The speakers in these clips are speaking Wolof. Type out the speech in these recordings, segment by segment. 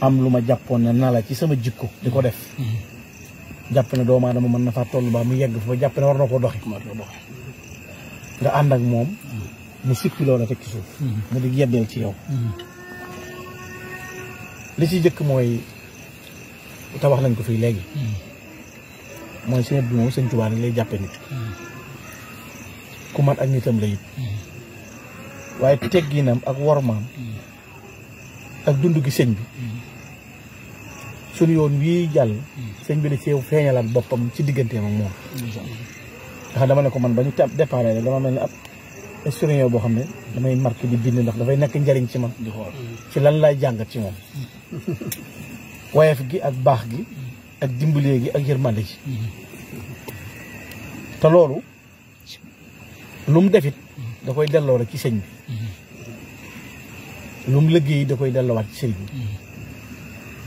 am luma japon na la ci sama jikko diko def jàpp ne Ada dama man na fa tollu ba mu yegg fa jàpp ne war na doxi nga and ak mom mu lo la tek ci suuf mm-hmm. mu di yeddeel ci yow mm-hmm. li ci jekk moy te nañ ko fi legi moy seen bu ni lay nit mm-hmm. ku mat ak nitam lay waye tegginam ak wormam ak dundu gi bi suñu yoon wii jàll sëñ bi da cee feeñalaat boppam ci digganteem ak moom ndax dama ne ko man ba ñu départ rek dama mel ne ab historien boo xam ne damay marqué di bind ndax dafay nekk njariñ ci man ci lan laay jàngat ci moom wayef gi ak baax gi ak dimbalee gi ak yërmande ci te loolu lu mu defit da koy delloo rek ci sëñ bi lu mu liggéey da koy delloowaat ci sëñ bi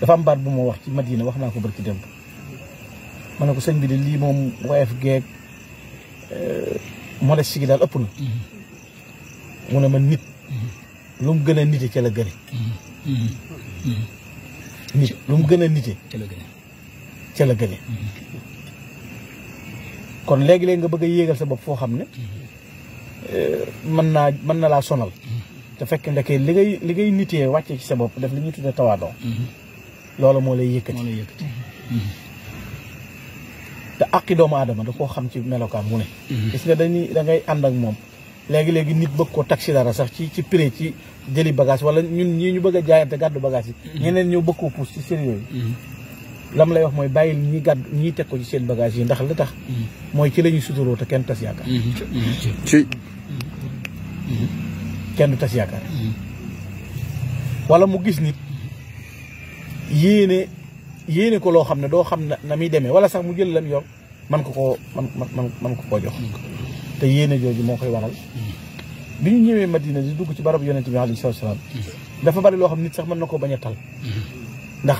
dafa am baat bu mu wax ci Madina wax naa ko barki démb ma ne ko sëñ bi de lii moom woyof geeg eh, modeste gi daal ëpp na mu ne ma nit lu mu gën a nite ca la gëne nit lu mu gën a nite ca la gëne kon léegi-léeg nga bëgg a yéegal sa bopp foo xam ne eh, mën naa mën na laa sonal te fekk ndeke li ngay li ngay nitee wàccee ci sa bopp def li ñuy tuddee tawaadoo lolu mo lay yëkkati mm-hmm. da akki doom adama da ko xam ci meloka mu ne mm-hmm. gis nga dañ ni da ngay and ak mom léegi-léegi nit bëgg ko taxi dara sax ci ci pré ci jëli bagage wala ñun ñi ñu bëgg jaayante gaddu bagage yi mm-hmm. ñeneen ñu bëgg ko pousse ci sérieux yooyu lam lay wax moy bayil ñi gàddu ñi tek ko ci seen bagage yi ndax li tax mooy ci lañu suturo te kenn tas yaaka ci kenn du tas yaakaar wala mu gis nit yéene yéene ko loo xam ne doo xam ne na muy demee wala sax mu jël lam yor man ko koo man man man ko koo jox te yéene jooju moo koy waral bi ñu ñëwee Madina di dugg ci barab yonent bi alayhi salaatu salaam dafa bari loo xam nit sax mën na ko bañ a tal ndax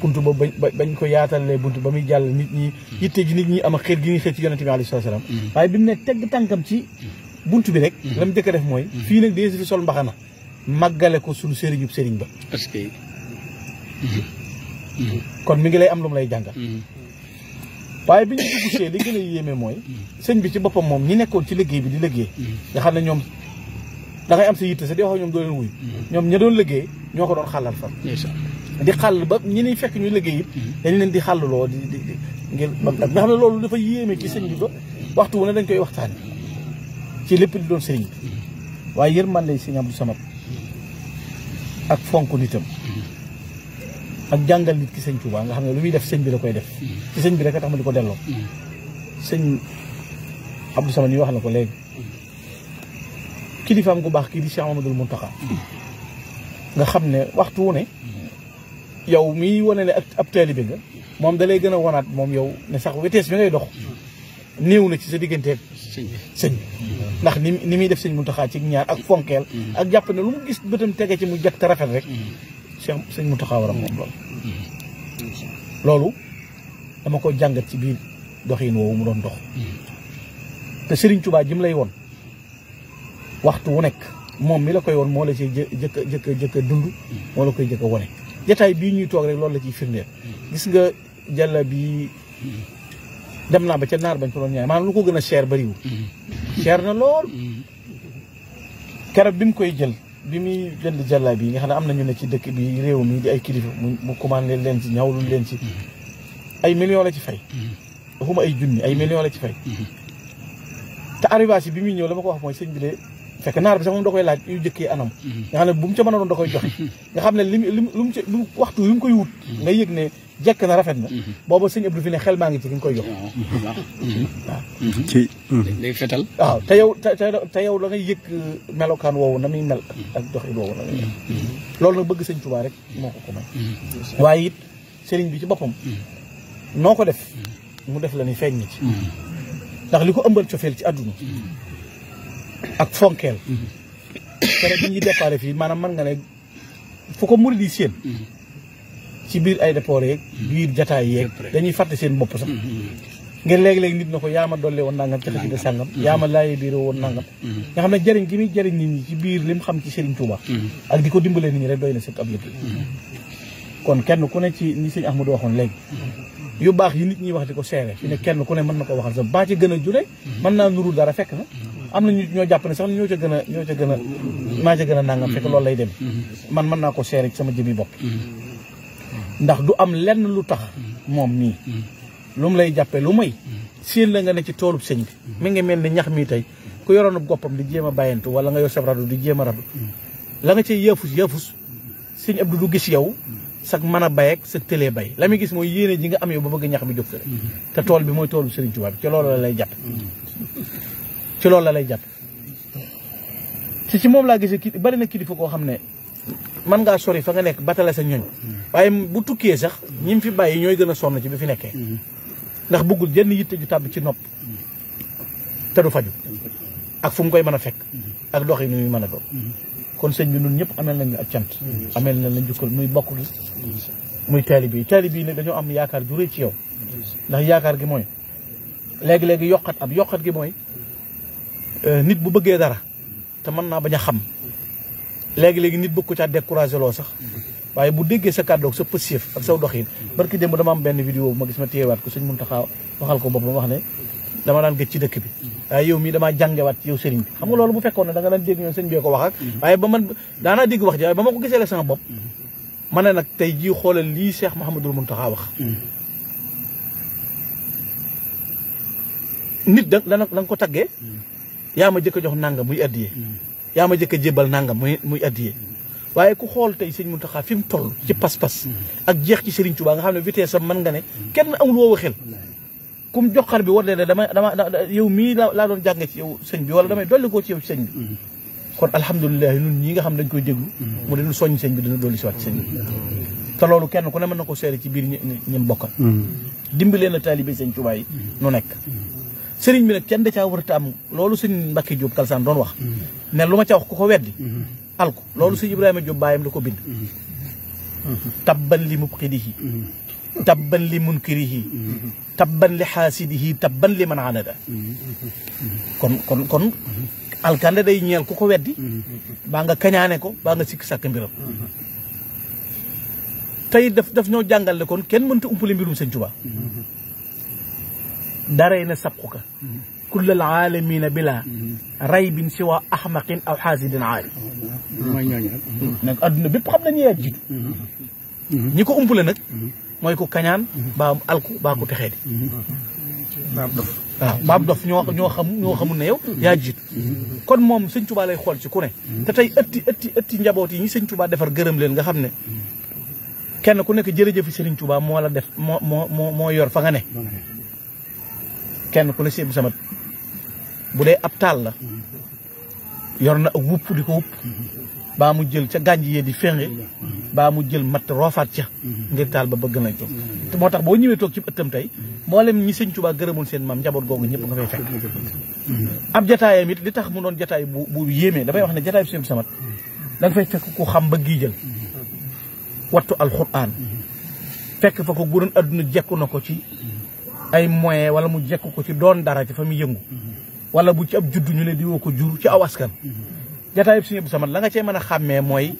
bunt ba bañ ko yaatalee bunt ba muy jàll nit ñi yitte gi nit ñi am a xër gi ñuy xër ci yonent bi alayhi salaatu waaye bi mu teg tegg tànkam ci bunt bi rek la mu jëkk def mooy fii nag dee si sol mbaxana màggale ko suñu sëriñub sëriñ ba kon mi ngi lay am lu mu lay jàngal. Mm-hmm. waaye bi ñu dugg see li gën yéeme mooy. Mm-hmm. sëñ bi ci boppam moom ñi nekkoon ci liggéey bi di léggéey mm-hmm. nga xam ne ñoom da am sa yitte sa di wax ñoom doo leen wuy. ñoom ña doon liggéey ñoo ko doon xàllal fan. di xàll ba ñi ni fekk ñu liggéey it. dañ leen di xàllaloo di di di ngir ba xam ne loolu dafa yéeme ci sëñ bi ba waxtu wu ne dañ koy waxtaanee ci lépp di doon sëriñ bi waaye yërmande sëñ Abdou Samad ak fonk nitam. ak jàngal nit ki sëñ Touba nga xam ne lu muy def sëñ bi da koy def ci hmm. sëñ bi rek a tax ma di ko delloo hmm. sëñ Abdou Samane yi wax na ko léegi hmm. kilifaam gu baax kii di Cheikh Amadou Mountakha nga xam ne waxtu ne yow miy wane ne ab taalibe nga moom da lay gën a wanaat moom yow ne sax wetees bi ngay dox néew na ci sa digganteeg sëñ bi ndax ni ni muy def sëñ Mountakha ci ñaar ak fonkeel ak jàpp ne lu mu gis bëtam tege ci mu jag te rafet rek seigne sëñ Mountakha mom lol hmm. lolou dama ko jangat ci biir doxine wo mu don dox. Hmm. te Serigne Touba jim lay won waxtu wu nek mom mi la koy won mo la ci jeuk jeuk jeuk dund. Hmm. mo la koy jeuk woné jotaay bi ñuy tok rek loolu la ci firnde gis nga jalla bi dem na ba ci nar bañ ko don ñay man lu ko gëna cher bari wu cher na lol karab bim koy jël. bi muy jënd jàllaay bi nga xam ne am nañu ne ci dëkk bi réew mi di ay kilifa mu commandé leen ci ñawlu leen ci mm-hmm. ay millions la ci fay mm-hmm. waxuma ay junni ay millions la ci fay mm-hmm. te arrivage bi muy ñëw la ma ko wax mooy sëñ bi de fekk naar bi sax moom da koy laaj yu jëkkee anam mhm. nga xam ne bu mu ca mën a koy joxe nga xam ne lim lim lu mu ca lu waxtu yu mu koy wut mhm. nga yëg ne jekk na rafet na mhm. booba sëñ Abdou fi ne xel maa ngi ci ki nga koy jox oh, waaw ci day fetal waaw te yow te yow da ngay yëg euh, melokaan woowu na muy mel ak doxin woowu na muy loolu nag bëgg sëñ Tuubaa rek moo ko ko may waaye it sëriñ bi ci boppam noo ko def mu def la ni feeñ na ci ndax li ko ëmbal cofeel ci àdduna ak fonkeel kere bi ñuy déparé fii maanaam man nga ne foo ko murid yi séen ci biir ay déport yeeg biir jataay yeeg dañuy fàtte seen bopp sax mm-hmm. ngeen léegi-léegi nit na ko yaama dolle woon nangam ci xasida sàngam mm-hmm. yaama laaye biir woon nangam mm-hmm. nga xam ne jëriñ gi muy jëriñ nit ñi ci biir lim xam ci Serigne Touba ak di ko dimbalee nit ñi rek doy na sëkk ab liggéey kon kenn ku ne ci ni sëñ Ahmadou waxoon léegi yu baax yi nit ñi wax di ko seere ne kenn ku ne mën na ko waxal sa baa ci gën a jure mën naa nuru dara fekk na am na ñu ñoo jàpp ne sax ñoo ca gën a ñoo ca gën a maa ca gën a nangam fekk loolu lay dem man mën naa ko seere ci sama jëmi bokk ndax du am lenn lu tax moom mii lu mu lay jàppee lu may séen la nga ne ci toolub sëñ bi mi ngi mel ni ñax mii tey ku yoroonub goppam di jéem a bàyyantu wala nga yor sab radu di jéem a radu la nga cay yëfus yëfus sëñ Abdou du gis yow sag man a bay ak sa tëlee bay la muy gis mooy yéene ji nga am yow ba bëgg ñax bi jóg te tool bi mooy toolu Sëriñ Tuubaa bi ci lay jàpp ci loolu la lay jàpp ci ci moom laa gisee ki bari na kilifa koo xam ne mën ngaa sori fa nga nekk batale sa ñoñ waaye bu tukkee sax ñi fi bàyyi ñooy gën a sonn ci bi fi nekkee ndax bëggul jenn yitte ju tàbb ci nopp te du faju ak fu koy mën a fekk ak dox yi nu muy mën a doon kon sëñ bi nun ñëpp amel nañu ak cant amel nañ la njukkal muy bokk gi muy taalibe yi taalibe yi nag dañoo am yaakaar ju ci yow ndax yaakaar gi mooy léegi-léegi yokkat ab yokkat gi mooy Euh, nit bu bëggee dara té man na baña xam légui légui nit bëgg ko caa découragé sax waye bu déggé sa cadeau sa pësif ak sa doxine barki dem dama am benn vidéo ma gis ma téyewaat ko suñ mun taxaa waxal ko bu wax né dama nan gëj ci dëkk bi waye yow dama jàngé wat yow sëriñ bi xam nga loolu bu fekkoon ne da nga lan dégg ñoom sëñ bi ko wax ak waye ba man daanaa dégg wax ja waaye ba ma ko gisee la sama bop mané nak tay ji xolal li Cheikh Mouhamadul Mountakha wax nit da dana ko taggé yaa ma jëkk jox nanga muy addiyee yaa ma jëkk a mm. jébal nangam muy muy addiyee mm. waaye ku xool tey sëñ Muntaxa fi mu toll ci pas-pas mm. ak jeex ci Serigne Touba nga xam ne vitesse am man nga ne kenn amul woo waxel ku mu jox xar bi war ne dama dama yow mii laa doon jàng ci yow sëñ bi wala damay dolli koo ci yow sëñ bi kon alhamdulilah ñun ñi nga xam dañ koy déglu mu dañu soññ sëñ bi dina dolli si waat sëñ bi te loolu kenn ku ne mën na ko seere ci biir ñi bokkal dimbalee na taalibe sëñ Touba yi nu Sering bi nak kenn da ca wurtu am loolu serigne Mbacke Diop kalsan don wax ne luma ca wax kuko weddi alko loolu serigne Ibrahima Diop bayam lako bind tabban li mubqidihi tabban li munkirihi tabban li hasidihi tabban li man anada kon kon kon alkande day ñeel kuko Bangga weddi ba nga kañane ko ba nga sik sak mbiram tay daf daf ñoo jangal le kon kenn ta umpale mbirum serigne touba darayna sabquka kulla alaalamina bila raybin siwa ahmaqin aw xaasidin aari mooy ñooñu nag adduna bépp xam nañu yaa jiitu ñi ko umpale nag mooy ku kañaan baa alku baa ku texee di baab dof waaw baab dof ñoo ñoo ne yow yaa jiitu kon moom sëñ Tuubaa lay xool ci ku ne te tey ëtti ëtti njaboot yi ñi sëñ Tuubaa defar gërëm leen nga xam ne kenn ku nekk jërëjëfi sëriñ Tuubaa moo la def moo moo moo yor fa nga ne ken ku ne si sama bu ab tal la yorna wupp di ko wupp baa mu jël ca gànj di fénge baa mu jël mat rofat ca ngir tal ba bëgg nañ toog te moo tax boo ñëwee ci ëttam mo lem ñi sëñ touba gëremul seen mam jabor googu ñëpp nga fay fekk ab jataayam it li tax mu non jotaay bu bu da damay wax ne jotaay bi sëñ da nga fay fekk ku xam ba gi jël wattu alquran fekk fa ko bu doon jekku nako ci ay moyen wala mu jekk ko ci doon dara ci fa yëngu wala bu ci ab juddu ñu ne di woo ko jur ci aw askan jataayub Sëriñ Abdou Samad la nga cee mën a xàmmee mooy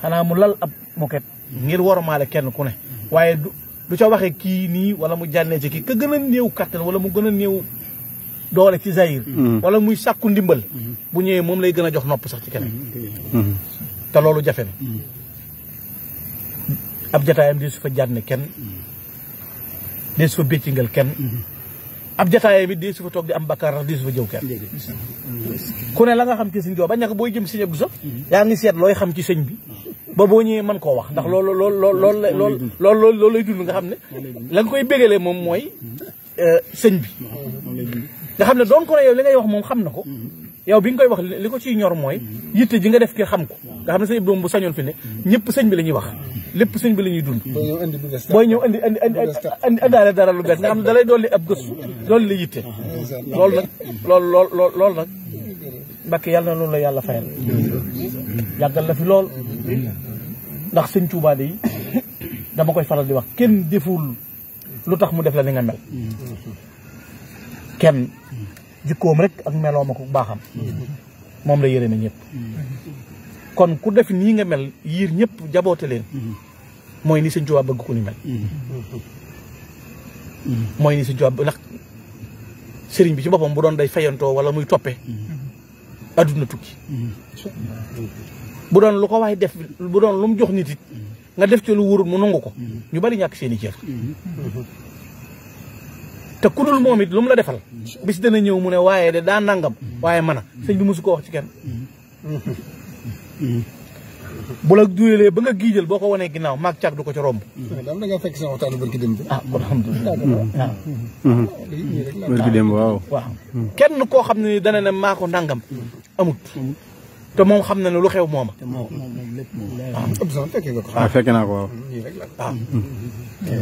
xanaa mu lal ab moket ngir waromaale kenn ku ne waaye du du ca waxe kii nii wala mu jànnee ci kii ka gën a néew kattan wala mu gën a néew doole ci zahir mm-hmm. wala muy sàkku ndimbal mm-hmm. bu ñëwee moom lay gën a jox nopp sax ci kenn mm-hmm. te loolu jafe na ab jataayam di su fa kenn dee su fa béccingal kenn mhm. ab jataay bi dee su fa toog di am bakkaar ndax dee su fa jëw kenn ku ne la nga xam ci sëñ Tuubaa bañ nag booy jëm sëñ Abdou sax mhm. yaa ngi seet looy xam ci sëñ bi ba boo ñëwee mën koo wax ndax loolu lool lool lool lool lool loolu mhm. lay dund nga xam ne la nga koy bégalee moom mooy euh, sëñ bi nga xam ne doon ko ne yow li ngay wax moom xam na ko yow bi nga koy wax li ko ciy ñor mooy mm-hmm. yitte ji nga def ki xam ko mm-hmm. nga xam ne sëñ doom bu sañoon fi ne mm-hmm. ñëpp sëñ bi la ñuy wax lépp sëñ bi la ñuy dund booy ñëw indi andi andi andaale dara lu bees nga xam ne dalay li ab gëstu dolli la yitte loolu lool loolu lool lool loolu nag Mbàkke yàlla na loolu la yàlla fayal yàggal la fi lool ndax sëñ Tuubaa de yi dama koy faral di wax kenn deful lu tax mu def la ni nga mel kenn jikom rek ak meloom ak baxam mom la yërëme ñep kon ku def ni nga mel yir ñep jabote len moy ni señ tuba bëgg ku ni mel moy ni señ tuba nak señ bi ci bopam bu doon day fayanto wala muy topé aduna tukki bu doon lu ko way def bu doon lu mu jox nitit nga def ci lu wuur mu nangu ko ñu bari ñak seeni cër te ku dul moom it lu mu la defal bis dana ñëw mu ne waaye de daa nangam waaye man a sëñ bi mosu ko wax ci kenn bu la duyelee ba nga giijal boo ko wanee ginnaaw maag càgg du ko ci romb. daal da nga fekk sa waxtaan dem bi. ah alhamdulilah ah. barki waaw. kenn koo xam ne dana ne maako ko nangam mm. amut. Mm. te moom xam na ne lu xew mooma. te moom moom lépp moom. Ah, ah, waaw fekkee mm, nga ah.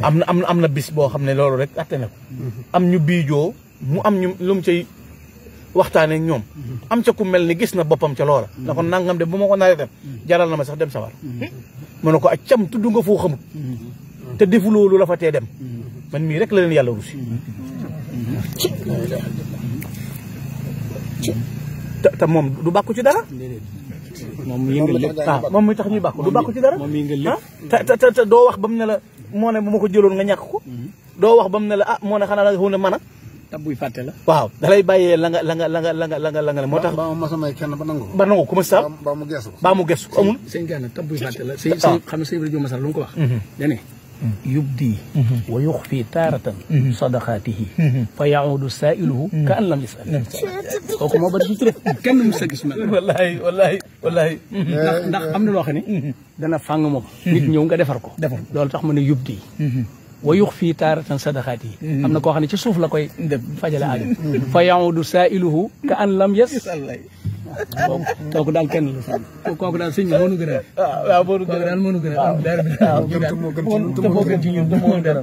am am na am na bis boo xam ne rek atte ko. am ñu biijoo mu am ñu lu mu cay waxtaanee ñoom. am ca ku mel ni gis na boppam ca loola. na ko nangam de bu ko naree def. jaral na ma sax dem sawar. mu ne ko ak cam tudd nga foo xamut. te defu loolu la fa tee dem. man mii rek la leen yàlla rusi. te te moom du bàkku ci dara. moom yëngal lépp ah, moom mu tax ñuy bàkku du bàkku ci dara. moom yëngal lépp ah, te te te doo wax ba mu ne moo ne bu ko jëloon nga ñàkk ko. Mm-hmm. doo wax ba mu ne la ah moo ne xanaa a. tab buy fàtte la. waaw da lay bàyyee la nga la nga la nga la nga la nga moo tax. ba ma samay kenn ba nangu. ba nangu ku ma saab ba mu gesu. ba mu gesu amul. sëñ Gana tab buy fàtte la. sëñ xam nga sëñ Ibrahima Masar lu mu ko wax. Mm-hmm. Mm-hmm. yubdi mm-hmm. wa yuxfi taaratan mm-hmm. sadaqaatihi fa yaudu saailuhu ka an lam yasal kooku moo bëri sutura kenn mu sa gis ma wallahi wallahi wallahi ndax ndax am na loo xam ne dana fàng moom nit ñëw nga defar ko defar ko loolu tax mu ne yubdi wa yux fii taaratan sadaqaat yi am na koo xam ne ci suuf la koy fajale aajo fa yaudu saailuhu ka an lam yasal kooku daal kenn la sëñ bi kooku daal sëñ bi moo nu gën a. waaw ah, waaw moo nu gën a daal moo nu gën a. waaw waaw ah, gën moo dara.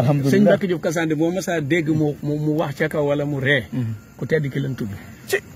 alhamdulilah sëñ Mbacke mu wax ca kaw wala mu re mm-hmm. ku tedd ki lañ